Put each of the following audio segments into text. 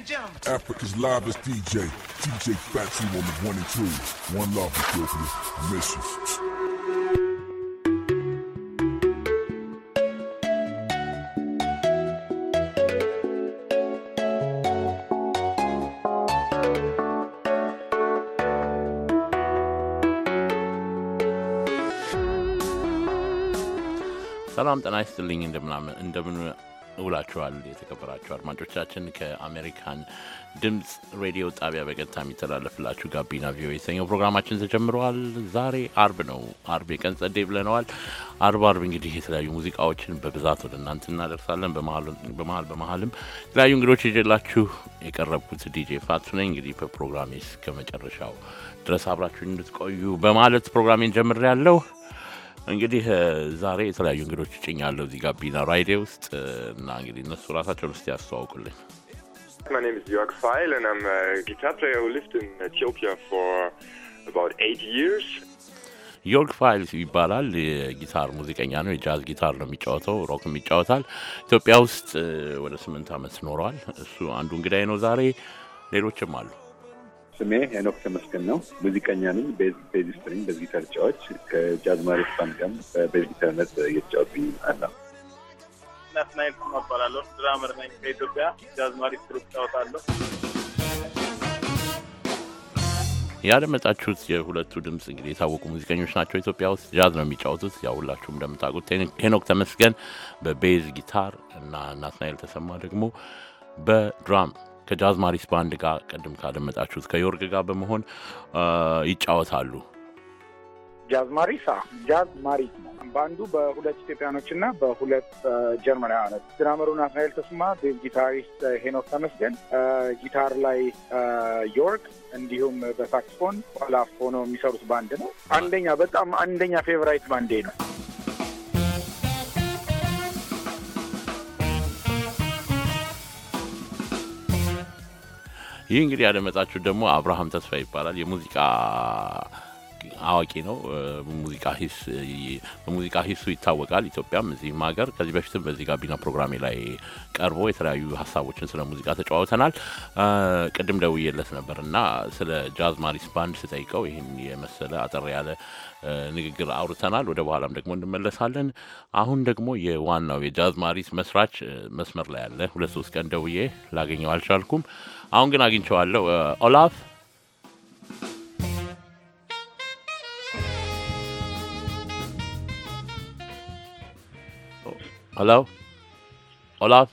and gentlemen. Africa's livest DJ, DJ Fatu on the one and two. One love, Ethiopia. I miss you. Salam dan Eisteling in dem ውላችኋል የተከበራችሁ አድማጮቻችን። ከአሜሪካን ድምፅ ሬዲዮ ጣቢያ በቀጥታ የሚተላለፍላችሁ ጋቢና ቪኦኤ የተሰኘው ፕሮግራማችን ተጀምረዋል። ዛሬ አርብ ነው። አርብ የቀን ጸዴ ብለነዋል። አርብ አርብ እንግዲህ የተለያዩ ሙዚቃዎችን በብዛት ወደ እናንተ እናደርሳለን። በመሀል በመሀልም የተለያዩ እንግዶች ይዤላችሁ የቀረብኩት ዲጄ ፋቱ ነኝ። እንግዲህ በፕሮግራሜ እስከ መጨረሻው ድረስ አብራችሁ እንድትቆዩ በማለት ፕሮግራሜን ጀምር ያለው እንግዲህ ዛሬ የተለያዩ እንግዶች ጭኛለሁ እዚህ ጋቢና ራይዴ ውስጥ እና እንግዲህ እነሱ ራሳቸውን እስቲ ያስተዋውቁልኝ። My ዮርግ ፋይል ይባላል። የጊታር ሙዚቀኛ ነው። የጃዝ ጊታር ነው የሚጫወተው፣ ሮክም ይጫወታል። ኢትዮጵያ ውስጥ ወደ ስምንት ዓመት ኖረዋል። እሱ አንዱ እንግዳይ ነው ዛሬ። ሌሎችም አሉ። ስሜ ሄኖክ ተመስገን ነው። ሙዚቀኛ ነኝ። ቤዝ ስትሪንግ ቤዝ ጊታር ተጫዋች ከጃዝማሪ ባንድ ጋር በቤዝ ጊታርነት እየተጫወትኩኝ አለው። ናትናኤል እባላለሁ። ድራመር ነኝ። ከኢትዮጵያ ጃዝ ማሪስ ስትሪንግ እጫወታለሁ። ያደመጣችሁት የሁለቱ ድምፅ እንግዲህ የታወቁ ሙዚቀኞች ናቸው። ኢትዮጵያ ውስጥ ጃዝ ነው የሚጫወቱት። ያው ሁላችሁም እንደምታውቁት ሄኖክ ተመስገን በቤዝ ጊታር እና ናትናኤል ተሰማ ደግሞ በድራም ከጃዝማሪስ ባንድ ጋር ቅድም ካደመጣችሁት ከዮርግ ጋር በመሆን ይጫወታሉ። ጃዝ ማሪስ ነው ባንዱ በሁለት ኢትዮጵያኖች እና በሁለት ጀርመናውያኖች ድራመሩ ናትናኤል ተስማ፣ ጊታሪስት ሄኖክ ተመስገን፣ ጊታር ላይ ዮርግ እንዲሁም በሳክስፎን ኋላ ሆኖ የሚሰሩት ባንድ ነው። አንደኛ በጣም አንደኛ ፌቨራይት ባንዴ ነው። ይህ እንግዲህ ያደመጣችሁ ደግሞ አብርሃም ተስፋ ይባላል። የሙዚቃ አዋቂ ነው። በሙዚቃ ሂሱ ይታወቃል። ኢትዮጵያም እዚህም ሀገር ከዚህ በፊትም በዚህ ጋቢና ፕሮግራሜ ላይ ቀርቦ የተለያዩ ሀሳቦችን ስለ ሙዚቃ ተጨዋውተናል። ቅድም ደውዬለት ነበር እና ስለ ጃዝ ማሪስ ባንድ ስጠይቀው ይህን የመሰለ አጠር ያለ ንግግር አውርተናል። ወደ በኋላም ደግሞ እንመለሳለን። አሁን ደግሞ የዋናው የጃዝ ማሪስ መስራች መስመር ላይ ያለ ሁለት ሶስት ቀን ደውዬ ላገኘው አልቻልኩም። አሁን ግን አግኝቸዋለሁ። ኦላፍ Hello? Olaf?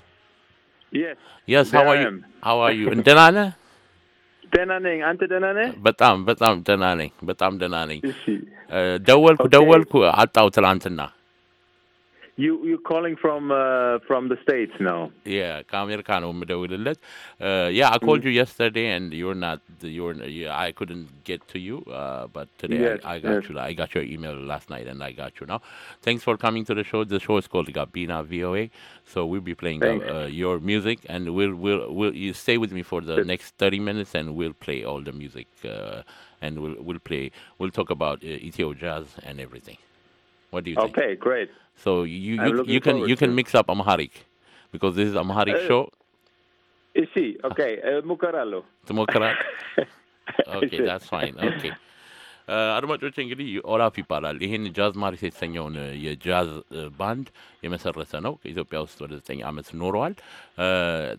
Yes. Yes, how are you? How are you? ደህና ነህ? ደህና ነኝ። አንተ ደህና ነህ? በጣም በጣም ደህና ነኝ። በጣም ደህና ነኝ። ደወልኩ ደወልኩ አጣው ትላንትና You you calling from uh, from the states now? Yeah, um, uh, Yeah, I called mm. you yesterday and you're not you're I couldn't get to you, uh, but today yes, I, I, got yes. you. I got your email last night and I got you now. Thanks for coming to the show. The show is called Gabina VOA, so we'll be playing uh, uh, your music and we'll we'll we'll you stay with me for the yes. next 30 minutes and we'll play all the music uh, and we'll we'll play we'll talk about uh, Ethio jazz and everything. What do you okay, think? Okay, great. So you you, you can you can mix up Amharic because this is Amharic uh, show. Eh, I see. Okay, ሞከራለሁ ትሞክራል። ኦኬ ዳትስ ፋይን ኦኬ አድማጮች እንግዲህ ኦላፍ ይባላል። ይህን ጃዝ ማሪስ የተሰኘውን የጃዝ ባንድ የመሰረተ ነው። ኢትዮጵያ ውስጥ ወደ ዘጠኝ ዓመት ኖረዋል።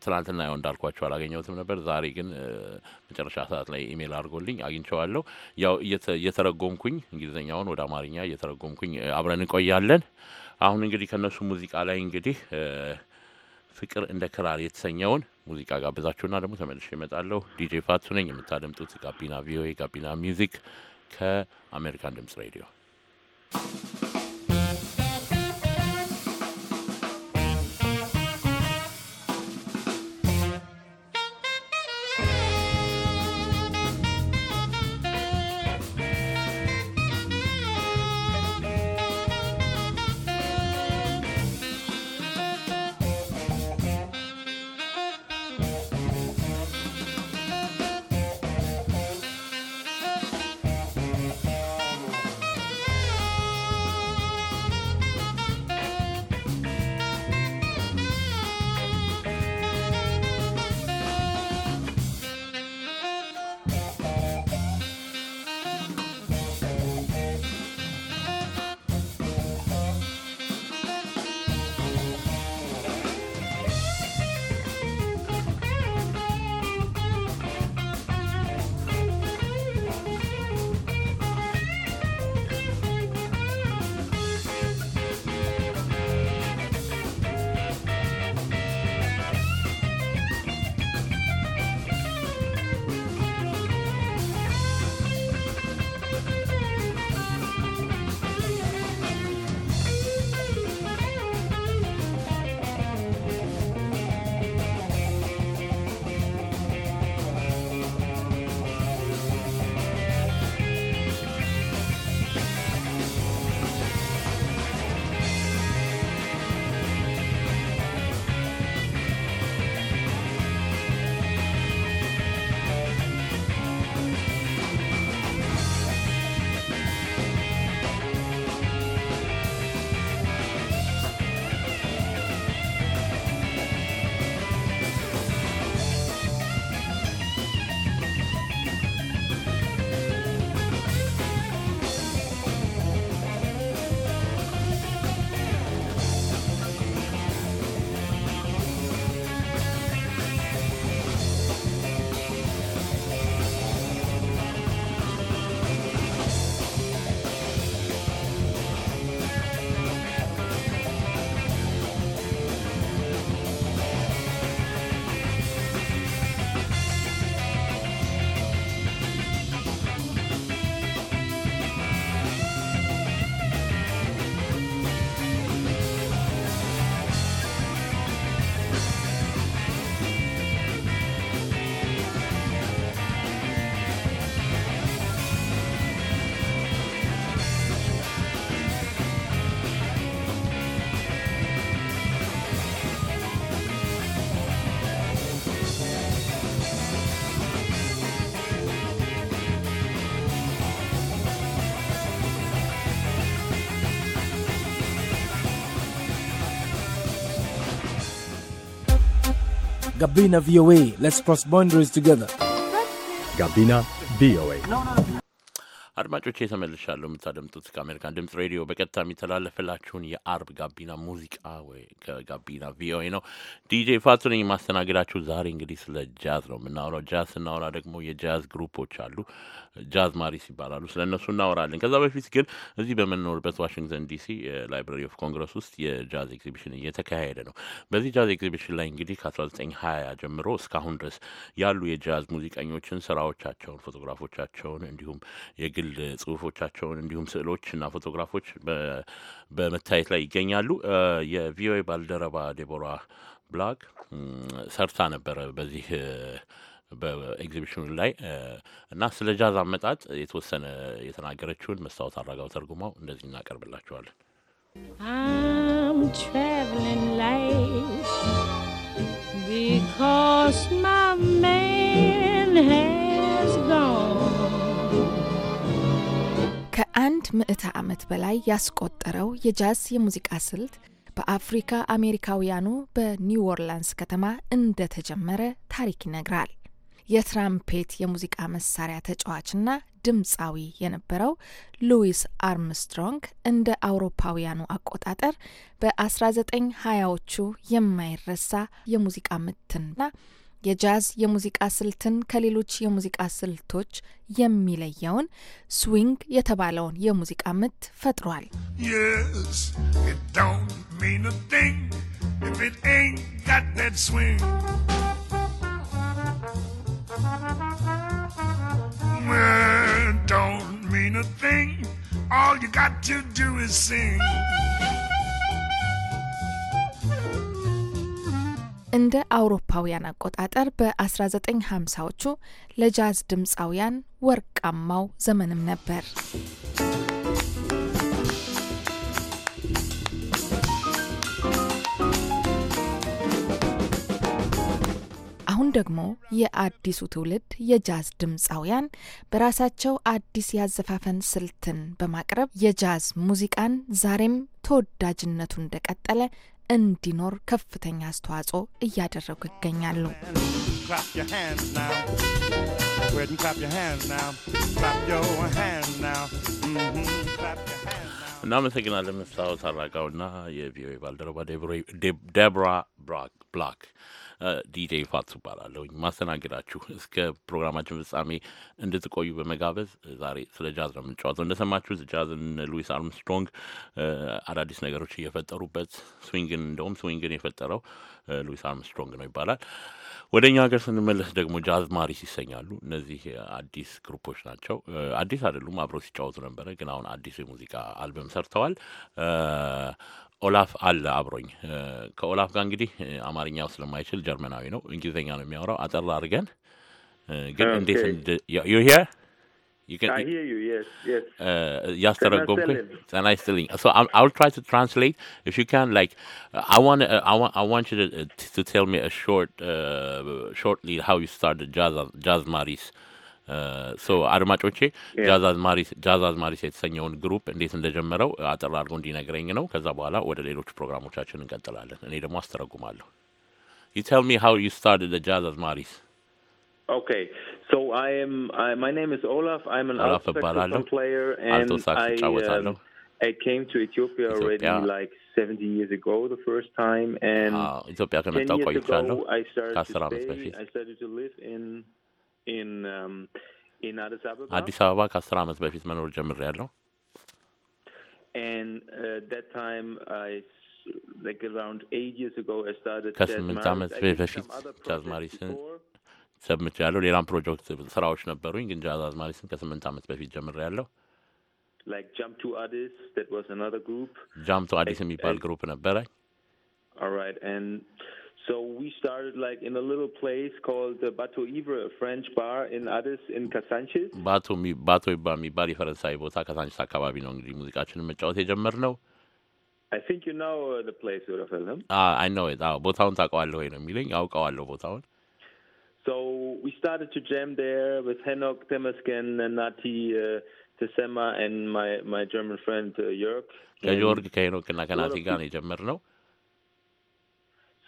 ትናንትና ያው እንዳልኳቸው አላገኘሁትም ነበር። ዛሬ ግን መጨረሻ ሰዓት ላይ ኢሜል አድርጎልኝ አግኝቸዋለሁ። ያው እየተረጎምኩኝ እንግሊዝኛውን ወደ አማርኛ እየተረጎምኩኝ አብረን እንቆያለን። አሁን እንግዲህ ከነሱ ሙዚቃ ላይ እንግዲህ ፍቅር እንደ ክራር የተሰኘውን ሙዚቃ ጋብዛችሁና ደግሞ ተመልሼ እመጣለሁ። ዲጄ ፋቱ ነኝ። የምታደምጡት ጋቢና ቪኦኤ ጋቢና ሚውዚክ ከአሜሪካን ድምፅ ሬዲዮ ጋቢና ቪኦኤ ሌትስ ክሮስ ቦንደሪስ ቱጌዘር። ጋቢና ቪኦኤ አድማጮች የተመልሻለሁ። የምታደምጡት ከአሜሪካን ድምጽ ሬዲዮ በቀጥታ የሚተላለፍላችሁን የአርብ ጋቢና ሙዚቃ ወይ ከጋቢና ቪኦኤ ነው። ዲጄ ፋቱ ነኝ የማስተናግዳችሁ። ዛሬ እንግዲህ ስለ ጃዝ ነው የምናወራው። ጃዝ ስናወራ ደግሞ የጃዝ ግሩፖች አሉ። ጃዝ ማሪስ ይባላሉ። ስለ እነሱ እናወራለን። ከዛ በፊት ግን እዚህ በምንኖርበት ዋሽንግተን ዲሲ ላይብራሪ ኦፍ ኮንግረስ ውስጥ የጃዝ ኤግዚቢሽን እየተካሄደ ነው። በዚህ ጃዝ ኤግዚቢሽን ላይ እንግዲህ ከ1920 ጀምሮ እስካሁን ድረስ ያሉ የጃዝ ሙዚቀኞችን ስራዎቻቸውን፣ ፎቶግራፎቻቸውን እንዲሁም የግል ጽሁፎቻቸውን እንዲሁም ስዕሎች እና ፎቶግራፎች በመታየት ላይ ይገኛሉ። የቪኦኤ ባልደረባ ዴቦራ ብላክ ሰርታ ነበረ በዚህ በኤግዚቢሽኑ ላይ እና ስለ ጃዝ አመጣጥ የተወሰነ የተናገረችውን መስታወት አረጋው ተርጉማው እንደዚህ እናቀርብላቸዋለን። I'm traveling light because my man has gone. ከአንድ ምዕተ ዓመት በላይ ያስቆጠረው የጃዝ የሙዚቃ ስልት በአፍሪካ አሜሪካውያኑ በኒው ኦርላንስ ከተማ እንደተጀመረ ታሪክ ይነግራል። የትራምፔት የሙዚቃ መሳሪያ ተጫዋችና ድምፃዊ የነበረው ሉዊስ አርምስትሮንግ እንደ አውሮፓውያኑ አቆጣጠር በ1920ዎቹ የማይረሳ የሙዚቃ ምትንና የጃዝ የሙዚቃ ስልትን ከሌሎች የሙዚቃ ስልቶች የሚለየውን ስዊንግ የተባለውን የሙዚቃ ምት ፈጥሯል። Yes, እንደ አውሮፓውያን አቆጣጠር በ1950ዎቹ ለጃዝ ድምፃውያን ወርቃማው ዘመንም ነበር። አሁን ደግሞ የአዲሱ ትውልድ የጃዝ ድምፃውያን በራሳቸው አዲስ ያዘፋፈን ስልትን በማቅረብ የጃዝ ሙዚቃን ዛሬም ተወዳጅነቱ እንደቀጠለ እንዲኖር ከፍተኛ አስተዋጽኦ እያደረጉ ይገኛሉ። Clap your hands now. Clap your hands now. Mm-hmm. እናመሰግናለን መስታወት አራጋውና የቪኦኤ ባልደረባ ደብራ ብላክ። ዲጄ ፋት እባላለሁኝ ማስተናገዳችሁ። እስከ ፕሮግራማችን ፍጻሜ እንድትቆዩ በመጋበዝ ዛሬ ስለ ጃዝ ነው የምንጫወተው። እንደሰማችሁ ጃዝን ሉዊስ አርምስትሮንግ አዳዲስ ነገሮች እየፈጠሩበት ስዊንግን፣ እንደውም ስዊንግን የፈጠረው ሉዊስ አርምስትሮንግ ነው ይባላል። ወደ እኛ ሀገር ስንመለስ ደግሞ ጃዝ ማሪስ ይሰኛሉ። እነዚህ አዲስ ግሩፖች ናቸው። አዲስ አይደሉም፣ አብረው ሲጫወቱ ነበረ፣ ግን አሁን አዲስ የሙዚቃ አልበም ሰርተዋል። ኦላፍ አለ አብሮኝ። ከኦላፍ ጋር እንግዲህ አማርኛው ስለማይችል ጀርመናዊ ነው፣ እንግሊዝኛ ነው የሚያወራው። አጠር አድርገን ግን እንዴት ዩ ሄር You can. I hear you. Yes. Yes. Uh, Yastara Gompe. So I'll, I'll try to translate if you can. Like, uh, I want uh, I want I want you to uh, to tell me a short uh, shortly how you started jazz jazz maris. ሶ አድማጮቼ ጃዝ አዝማሪስ ጃዝ አዝማሪስ የተሰኘውን ግሩፕ እንዴት እንደጀመረው አጠር አድርጎ እንዲነግረኝ ነው። ከዛ በኋላ ወደ ሌሎቹ ፕሮግራሞቻችን እንቀጥላለን። እኔ ደግሞ አስተረጉማለሁ። You tell me how you started the Jazz maris. Okay, so I am. I, my name is Olaf. I'm an Olaf saxophone player, and I, um, I came to Ethiopia, already like 70 years ago the first time, and uh, 10 years ago I started, stay, I started to live in in um, in Addis Ababa. Addis Ababa, ከ10 ዓመት በፊት መኖር And uh, that time I like around 8 years ago I started ከስምንት ዓመት በፊት ጃዝ ማሪስን ሰብምች ያለው ሌላም ፕሮጀክት ስራዎች ነበሩኝ፣ ግን ጃዝአዝማሪስን ከስምንት ዓመት በፊት ጀምሬያለሁ። ጃም ቱ አዲስ የሚባል ግሩፕ ነበረኝ። So we started like in a little place called uh, Bateau Ivre, a French bar in Addis in Kasanchis. Bateau mi Bateau Ivre mi bar Faransai bota Kasanchis akababi no ngri muzika chini mechawte jemerno. I think you know uh, the place, Rafael. Huh? Ah, I know it. Ah, bota un ta kawalo ino miling. Ah, kawalo bota un. So we started to jam there with Henok Temesken and Nati uh, Tesema and my, my German friend uh, Jörg.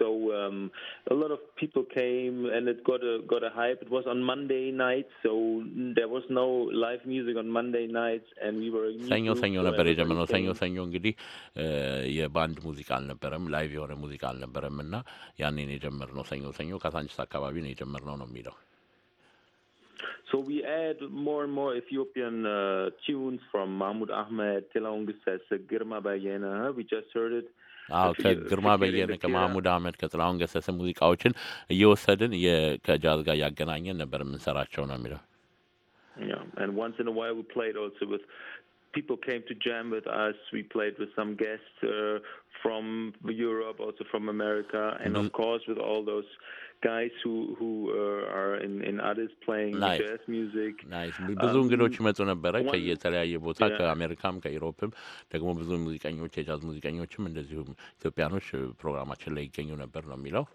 So um, a lot of people came, and it got a got a hype. It was on Monday night, so there was no live music on Monday nights, and we were. ሰኞ ሰኞ ነበር የጀመረው። ሰኞ ሰኞ እንግዲህ የባንድ ሙዚቃ አልነበረም፣ ላይቭ የሆነ ሙዚቃ አልነበረም እና ያኔን የጀመርነው ሰኞ ሰኞ ካሳንቺስ አካባቢ ነው የጀመርነው ነው የሚለው So we add more and more Ethiopian uh, tunes from Mahmoud Ahmed, Tela Girma Bayena. We just heard it አዎ ከግርማ በየነ ከማህሙድ አህመድ ከጥላሁን ገሰሰ ሙዚቃዎችን እየወሰድን ከጃዝ ጋር እያገናኘን ነበር የምንሰራቸው ነው የሚለው people came to jam with us. We played with some guests uh, from Europe, also from America, and mm -hmm. of course with all those guys who who uh, are in, in others playing nice. jazz music. Nice. ብዙ እንግዶች ይመጡ ነበረ ከየተለያየ ቦታ ከአሜሪካም ከኢሮፕም ደግሞ ብዙ ሙዚቀኞች የጃዝ ሙዚቀኞችም እንደዚሁም ኢትዮጵያኖች ፕሮግራማችን ላይ ይገኙ ነበር ነው የሚለው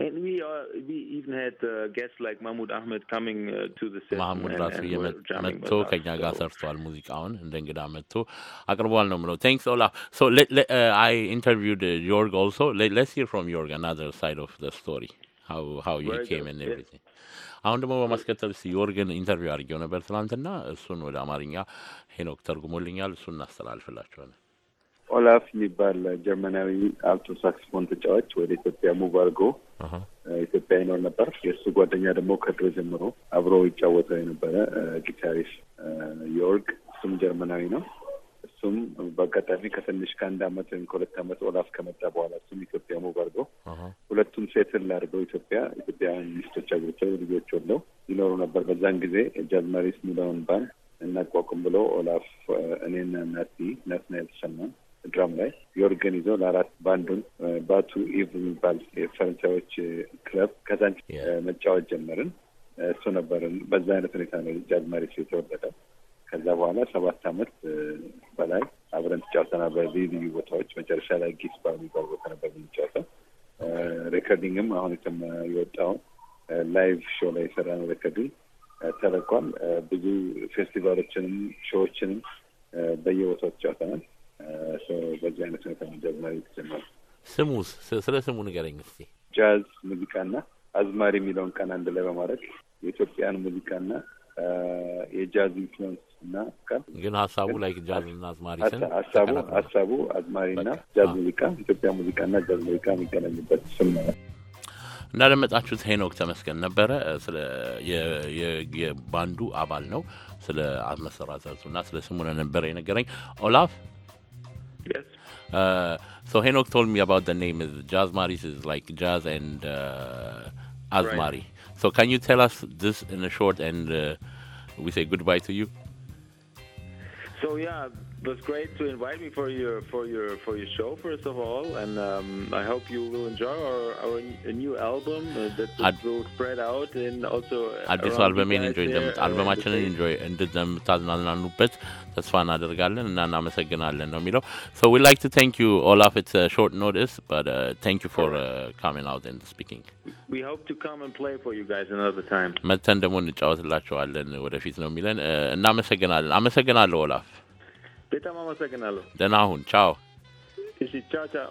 And we uh, we even had uh, guests like Mahmoud Ahmed coming uh, to the set. ማህሙድ ራሱ መጥቶ ከኛ ጋር ሰርቷል ሙዚቃውን እንደ እንግዳ መጥቶ አቅርቧል ነው ምለው። Thanks Olaf. So let, let, uh, I interviewed uh, Jorg also. Let, let's hear from Jorg another side of the story. How how you Very came good. and everything. አሁን ደግሞ በማስከተል ስ ዮርግን ኢንተርቪው አድርጌው ነበር ትናንትና። እሱን ወደ አማርኛ ሄኖክ ተርጉሞልኛል። እሱን እናስተላልፍላችኋለን። ኦላፍ የሚባል ጀርመናዊ አልቶ ሳክስፎን ተጫዋች ወደ ኢትዮጵያ ሙቭ አድርጎ ኢትዮጵያ ይኖር ነበር። የእሱ ጓደኛ ደግሞ ከድሮ ጀምሮ አብሮ ይጫወተው የነበረ ጊታሪስ ዮርግ፣ እሱም ጀርመናዊ ነው። እሱም በአጋጣሚ ከትንሽ ከአንድ አመት ወይም ከሁለት አመት ኦላፍ ከመጣ በኋላ እሱም ኢትዮጵያ ሙቭ አድርገው ሁለቱም ሴትል አድርገው ኢትዮጵያ ኢትዮጵያውያን ሚስቶች አግብተው ልጆች ወለው ይኖሩ ነበር። በዛን ጊዜ ጃዝማሪስ ሚለውን ባንድ እናቋቁም ብሎ ኦላፍ እኔና ናቲ ናትና የተሰማን ድራም ላይ ዮርገን ይዞ ለአራት ባንዱን ባቱ ኢቭ የሚባል የፈረንሳዮች ክለብ ከዛን መጫወት ጀመርን። እሱ ነበርን። በዛ አይነት ሁኔታ ነው ጃዝማሪ የተወለደ። ከዛ በኋላ ሰባት አመት በላይ አብረን ተጫውተናል በልዩ ልዩ ቦታዎች። መጨረሻ ላይ ጊስ ባ የሚባል ቦታ ነበር የምንጫወተው። ሬኮርዲንግም አሁን የተመ የወጣውን ላይቭ ሾ ላይ የሰራነው ሬኮርዲንግ ተለቋል። ብዙ ፌስቲቫሎችንም ሾዎችንም በየቦታው ተጫውተናል። በዚህ አይነት ሁኔታ ነው ጃዝ ስሙ ስለ ስሙ ንገረኝ እስኪ። ጃዝ ሙዚቃና አዝማሪ የሚለውን ቀን አንድ ላይ በማድረግ የኢትዮጵያን ሙዚቃና የጃዝ ኢንፍሉንስ እና ግን ሀሳቡ ላይክ ጃዝ እና አዝማሪ ሀሳቡ ሀሳቡ አዝማሪ አዝማሪና ጃዝ ሙዚቃ ኢትዮጵያ ሙዚቃና ጃዝ ሙዚቃ የሚገናኝበት ስም ነው። እንዳደመጣችሁት ሄኖክ ተመስገን ነበረ። የባንዱ አባል ነው። ስለ እና ስለ ስሙ ነበረ የነገረኝ ኦላፍ Uh, so Henok told me about the name is Jazz Maris is like jazz and uh, Azmari. Right. So can you tell us this in a short and uh, we say goodbye to you? So yeah, it was great to invite me for your for your for your show first of all, and um, I hope you will enjoy our, our new album uh, that will spread out and also. አዲሱ አልበሜን ኢንጆይ እንደምት አልበማችንን ኢንጆይ እንድታዝናናኑበት ተስፋ እናደርጋለን እና እናመሰግናለን ነው የሚለው። So we like to thank you Olaf. It's a short notice, but uh, thank you for uh, coming out and speaking. We hope to come and play for you guys another time. መተን ደግሞ እንጫወትላቸዋለን ወደፊት ነው የሚለን። እናመሰግናለን። አመሰግናለሁ ኦላፍ። በጣም አመሰግናለሁ። ደህና አሁን ቻው። እሺ ቻው ቻው።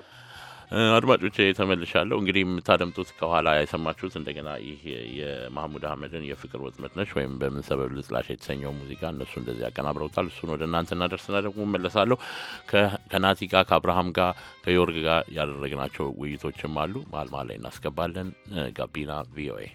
ተመልሻለሁ። እንግዲህ የምታደምጡት ከኋላ የሰማችሁት እንደገና ይህ የማህሙድ አህመድን የፍቅር ወጥመት ነች ወይም በምን ሰበብ ልጥላሽ የተሰኘው ሙዚቃ እነሱ እንደዚህ ያቀናብረውታል። እሱን ወደ እናንተ እናደርስና ደግሞ መለሳለሁ። ከናቲ ጋር፣ ከአብርሃም ጋር፣ ከዮርግ ጋር ያደረግናቸው ውይይቶችም አሉ። ማልማ ላይ እናስገባለን። ጋቢና ቪኦኤ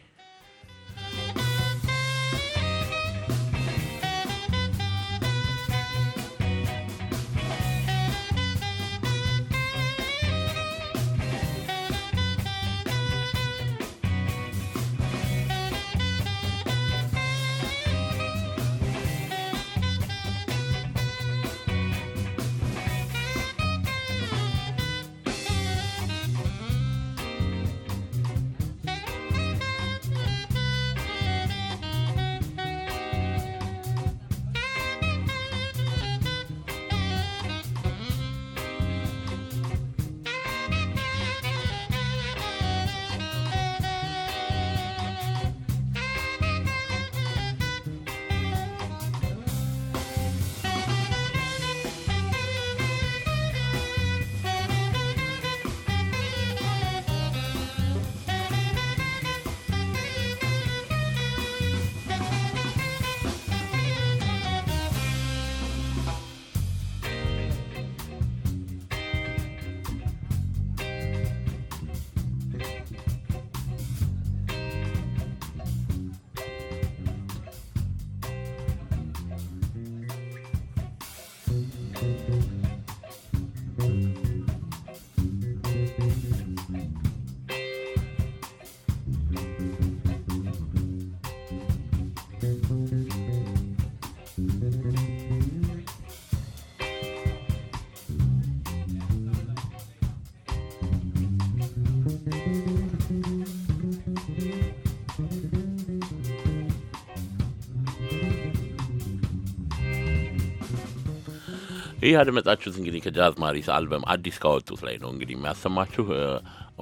ይህ ያደመጣችሁት እንግዲህ ከጃዝ ማሪስ አልበም አዲስ ካወጡት ላይ ነው እንግዲህ የሚያሰማችሁ።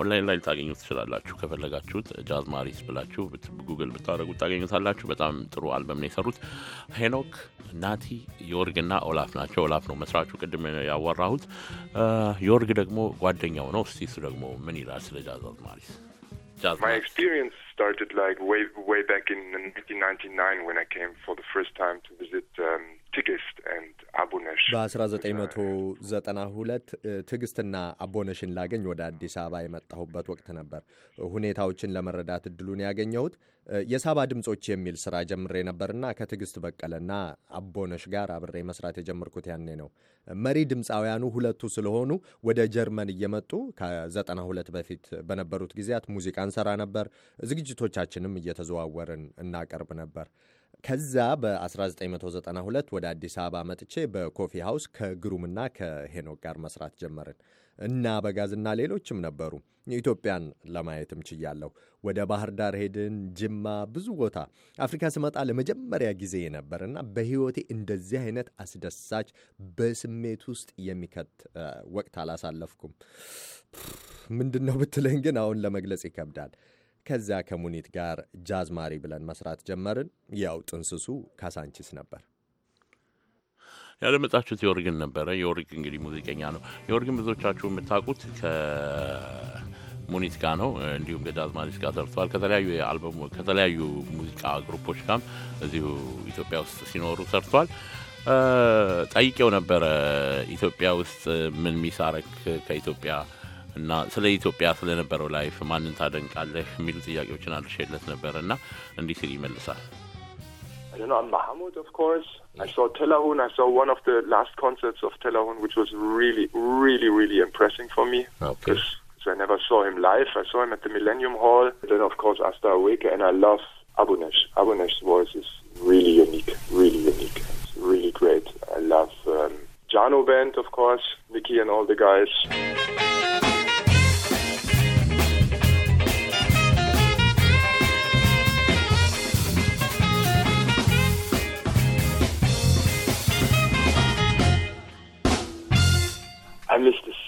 ኦንላይን ላይ ልታገኙ ትችላላችሁ። ከፈለጋችሁት ጃዝ ማሪስ ብላችሁ ጉግል ብታደረጉ ታገኙታላችሁ። በጣም ጥሩ አልበም ነው የሰሩት። ሄኖክ ናቲ፣ ዮርግ እና ኦላፍ ናቸው። ኦላፍ ነው መስራቹ፣ ቅድም ያወራሁት። ዮርግ ደግሞ ጓደኛው ነው። እስቲ እሱ ደግሞ ምን ይላል ስለ ጃዝ ማሪስ? My experience started like way way back in 1999 when I came for the first time to visit um, ትግስት ኤንድ አቦነሽ በ1992 ትግስትና አቦነሽን ላገኝ ወደ አዲስ አበባ የመጣሁበት ወቅት ነበር። ሁኔታዎችን ለመረዳት እድሉን ያገኘሁት የሳባ ድምጾች የሚል ስራ ጀምሬ ነበርና ከትግስት በቀለና አቦነሽ ጋር አብሬ መስራት የጀመርኩት ያኔ ነው። መሪ ድምፃውያኑ ሁለቱ ስለሆኑ ወደ ጀርመን እየመጡ ከዘጠና ሁለት በፊት በነበሩት ጊዜያት ሙዚቃ እንሰራ ነበር። ዝግጅቶቻችንም እየተዘዋወርን እናቀርብ ነበር። ከዛ በ1992 ወደ አዲስ አበባ መጥቼ በኮፊ ሀውስ ከግሩምና ከሄኖክ ጋር መስራት ጀመርን እና በጋዝና ሌሎችም ነበሩ። ኢትዮጵያን ለማየትም ችያለሁ። ወደ ባህር ዳር ሄድን፣ ጅማ፣ ብዙ ቦታ። አፍሪካ ስመጣ ለመጀመሪያ ጊዜ ነበርና በህይወቴ እንደዚህ አይነት አስደሳች በስሜት ውስጥ የሚከት ወቅት አላሳለፍኩም። ምንድን ነው ብትለኝ ግን አሁን ለመግለጽ ይከብዳል። ከዚያ ከሙኒት ጋር ጃዝማሪ ብለን መስራት ጀመርን። ያው ጥንስሱ ካሳንቺስ ነበር። ያደመጣችሁት የወርግን ነበረ። የወርግ እንግዲህ ሙዚቀኛ ነው። የወርግን ብዙዎቻችሁ የምታውቁት ከሙኒት ጋር ነው። እንዲሁም ከጃዝማሪስ ጋር ሰርተዋል። ከተለያዩ አልበሙ ከተለያዩ ሙዚቃ ግሩፖች ጋር እዚሁ ኢትዮጵያ ውስጥ ሲኖሩ ሰርተዋል። ጠይቄው ነበረ ኢትዮጵያ ውስጥ ምን ሚሳረክ ከኢትዮጵያ እና ስለ ኢትዮጵያ ስለነበረው ላይፍ ማንን ታደንቃለህ የሚሉ ጥያቄዎችን አድርሼለት ነበር እና እንዲህ ሲል ይመልሳል። Mahmoud, of course. I saw Telahun. I saw one of the last concerts of Telahun, which was really, really, really impressing for me. Okay. Because I never saw him live. I saw him at the Millennium Hall. Then, of course, Asta Aweke, and I love Abunesh. Abunesh's voice is really unique, really unique. It's really great. I love um, Jano Band, of course, Nikki and all the guys.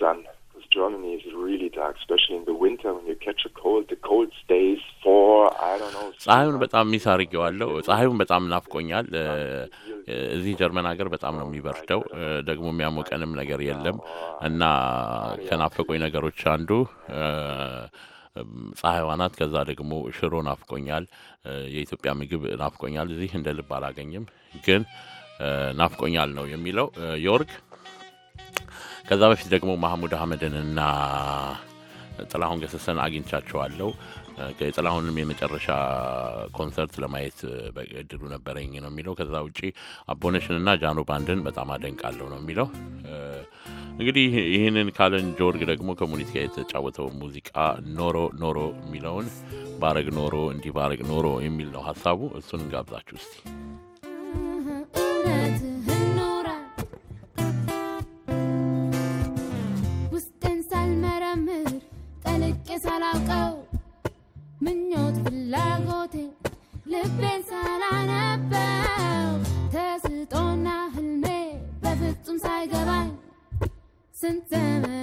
sun because Germany is really dark, especially in the winter when you catch a cold. The cold stays for I don't know. ፀሐዩን በጣም ሚስ አድርጌዋለሁ። ፀሐዩን በጣም ናፍቆኛል። እዚህ ጀርመን ሀገር በጣም ነው የሚበርደው፣ ደግሞ የሚያሞቀንም ነገር የለም እና ከናፈቆኝ ነገሮች አንዱ ፀሐይዋ ናት። ከዛ ደግሞ ሽሮ ናፍቆኛል፣ የኢትዮጵያ ምግብ ናፍቆኛል። እዚህ እንደ ልብ አላገኝም፣ ግን ናፍቆኛል ነው የሚለው ዮርግ ከዛ በፊት ደግሞ ማህሙድ አህመድን እና ጥላሁን ገሰሰን አግኝቻቸዋለሁ። የጥላሁንም የመጨረሻ ኮንሰርት ለማየት በእድሉ ነበረኝ ነው የሚለው። ከዛ ውጪ አቦነሽንና ጃኖ ባንድን በጣም አደንቃለሁ ነው የሚለው። እንግዲህ ይህንን ካለን ጆርግ ደግሞ ከሙኒት ጋር የተጫወተው ሙዚቃ ኖሮ ኖሮ የሚለውን ባረግ ኖሮ እንዲህ ባረግ ኖሮ የሚል ነው ሀሳቡ። እሱን እንጋብዛችሁ እስኪ። ፍላጎቴ ልቤን ሰራ ነበው ተስጦና ህልሜ በፍጹም ሳይገባኝ ስንት ዘመን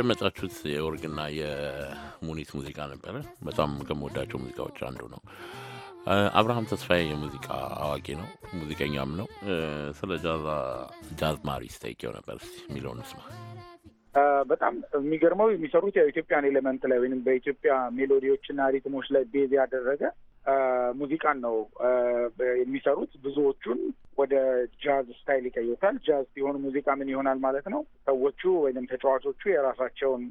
ያደመጣችሁት የኦርግና የሙኒት ሙዚቃ ነበረ። በጣም ከምወዳቸው ሙዚቃዎች አንዱ ነው። አብርሃም ተስፋዬ የሙዚቃ አዋቂ ነው፣ ሙዚቀኛም ነው። ስለ ጃዝ ማሪስ ጠይቄው ነበር። የሚለውን ስማ። በጣም የሚገርመው የሚሰሩት ያው ኢትዮጵያን ኤሌመንት ላይ ወይም በኢትዮጵያ ሜሎዲዎችና ሪትሞች ላይ ቤዝ ያደረገ ሙዚቃን ነው የሚሰሩት ብዙዎቹን ወደ ጃዝ ስታይል ይቀይሩታል። ጃዝ ሲሆን ሙዚቃ ምን ይሆናል ማለት ነው? ሰዎቹ ወይም ተጫዋቾቹ የራሳቸውን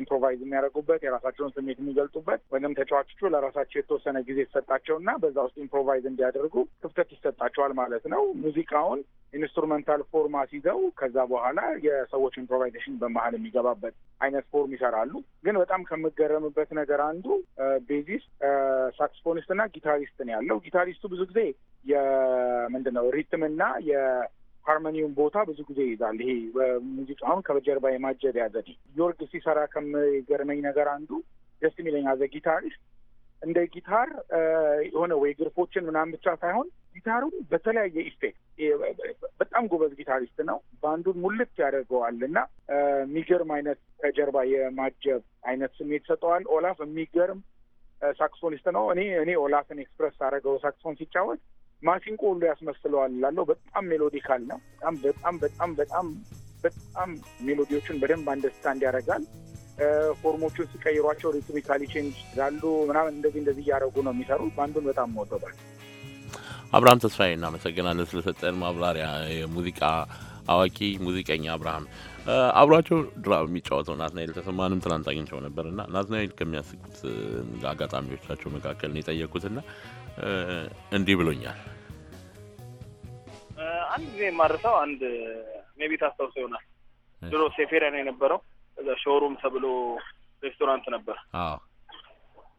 ኢምፕሮቫይዝ የሚያደርጉበት የራሳቸውን ስሜት የሚገልጡበት ወይም ተጫዋቾቹ ለራሳቸው የተወሰነ ጊዜ የተሰጣቸውና በዛ ውስጥ ኢምፕሮቫይዝ እንዲያደርጉ ክፍተት ይሰጣቸዋል ማለት ነው። ሙዚቃውን ኢንስትሩመንታል ፎርማት ይዘው ከዛ በኋላ የሰዎች ኢምፕሮቫይዜሽን በመሀል የሚገባበት አይነት ፎርም ይሰራሉ። ግን በጣም ከምገረምበት ነገር አንዱ ቤዚስ ሳክስፎኒስት እና ጊታሪስት ነው ያለው። ጊታሪስቱ ብዙ ጊዜ የምንድን ነው ሪትምና የሃርሞኒውን ቦታ ብዙ ጊዜ ይይዛል። ይሄ ሙዚቃውን ከጀርባ የማጀብ ያዘድ ዮርግ ሲሰራ ከምገርመኝ ነገር አንዱ ደስ የሚለኝ ዘ ጊታሪስት እንደ ጊታር የሆነ ወይ ግርፎችን ምናምን ብቻ ሳይሆን ጊታሩን በተለያየ ኢፌክት በጣም ጎበዝ ጊታሪስት ነው። ባንዱን ሙልት ያደርገዋል እና የሚገርም አይነት ከጀርባ የማጀብ አይነት ስሜት ሰጠዋል። ኦላፍ የሚገርም ሳክሶኒስት ነው። እኔ እኔ ኦላፍን ኤክስፕረስ አደረገው ሳክሶን ሲጫወት ማሲንቆ ሁሉ ያስመስለዋል ላለው በጣም ሜሎዲካል ነው። በጣም በጣም በጣም በጣም በጣም ሜሎዲዎቹን በደንብ አንደርስታንድ ያደርጋል። ፎርሞቹን ሲቀይሯቸው ሪትሚካሊ ቼንጅ ላሉ ምናምን እንደዚህ እንደዚህ እያደረጉ ነው የሚሰሩት። ባንዱን በጣም መወደባል። አብርሃም ተስፋዬ እናመሰግናለን ስለሰጠን ማብራሪያ። የሙዚቃ አዋቂ ሙዚቀኛ አብርሃም አብሯቸው ድራም የሚጫወተው ናትናኤል ተሰማንም ትናንት አግኝቸው ነበር እና ናትናኤል ከሚያስቁት አጋጣሚዎቻቸው መካከል ነው የጠየቅኩትና እንዲህ ብሎኛል። አንድ ጊዜ የማርሰው አንድ ሜቢ ታስታውሶ ይሆናል። ድሮ ሴፌሪያ ነው የነበረው። እዛ ሾሩም ተብሎ ሬስቶራንት ነበር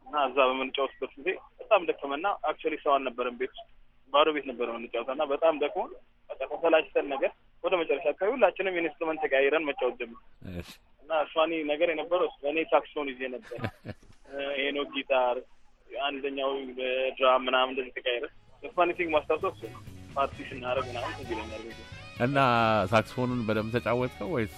እና እዛ በምንጫወትበት ጊዜ በጣም ደከመና አክቹዋሊ ሰው አልነበረም ቤት ውስጥ ባዶ ቤት ነበረ የምንጫወተው እና በጣም ደግሞ ተሰላችተን ነገር ወደ መጨረሻ አካባቢ ሁላችንም ኢንስትሩመንት ተቀያይረን መጫወት ጀምር እና እሷኒ ነገር የነበረው እኔ ሳክሶን ይዜ ነበር፣ ይሄኖ ጊታር፣ አንደኛው ድራም ምናምን እንደዚህ ተቀያይረ ፋኒቲንግ ማስታወሰው ፓርቲሽን እናደርግ ምናምን ትዝ ይለኛል። እና ሳክስፎኑን በደንብ ተጫወትከው ወይስ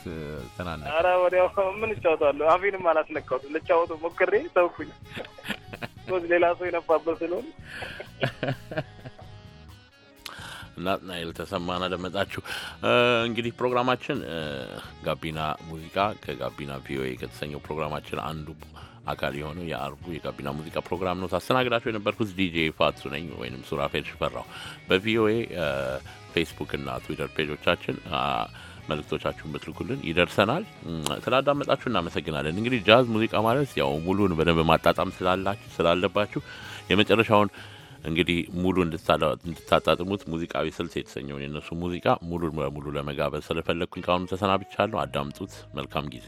ተናነ? ኧረ ወዲያው ምን እጫወታለሁ። አፌንም አላስነካሁት። ልጫወቱ ሞክሬ ተውኩኝ። ሌላ ሰው የነፋበት ስለሆነ ናትናኤል ተሰማን አደመጣችሁ። እንግዲህ ፕሮግራማችን ጋቢና ሙዚቃ ከጋቢና ቪኦኤ ከተሰኘው ፕሮግራማችን አንዱ አካል የሆነው የአርቡ የጋቢና ሙዚቃ ፕሮግራም ነው። ታስተናግዳቸው የነበርኩት ዲጄ ፋቱ ነኝ ወይም ሱራፌል ሽፈራው። በቪኦኤ ፌስቡክ እና ትዊተር ፔጆቻችን መልእክቶቻችሁን ብትልኩልን ይደርሰናል። ስላዳመጣችሁ እናመሰግናለን። እንግዲህ ጃዝ ሙዚቃ ማለት ያው ሙሉን በደንብ ማጣጣም ስላላችሁ ስላለባችሁ የመጨረሻውን እንግዲህ ሙሉ እንድታጣጥሙት ሙዚቃዊ ስልት የተሰኘውን የነሱ ሙዚቃ ሙሉ በሙሉ ለመጋበዝ ስለፈለግኩኝ ከአሁኑ ተሰናብቻለሁ። አዳምጡት። መልካም ጊዜ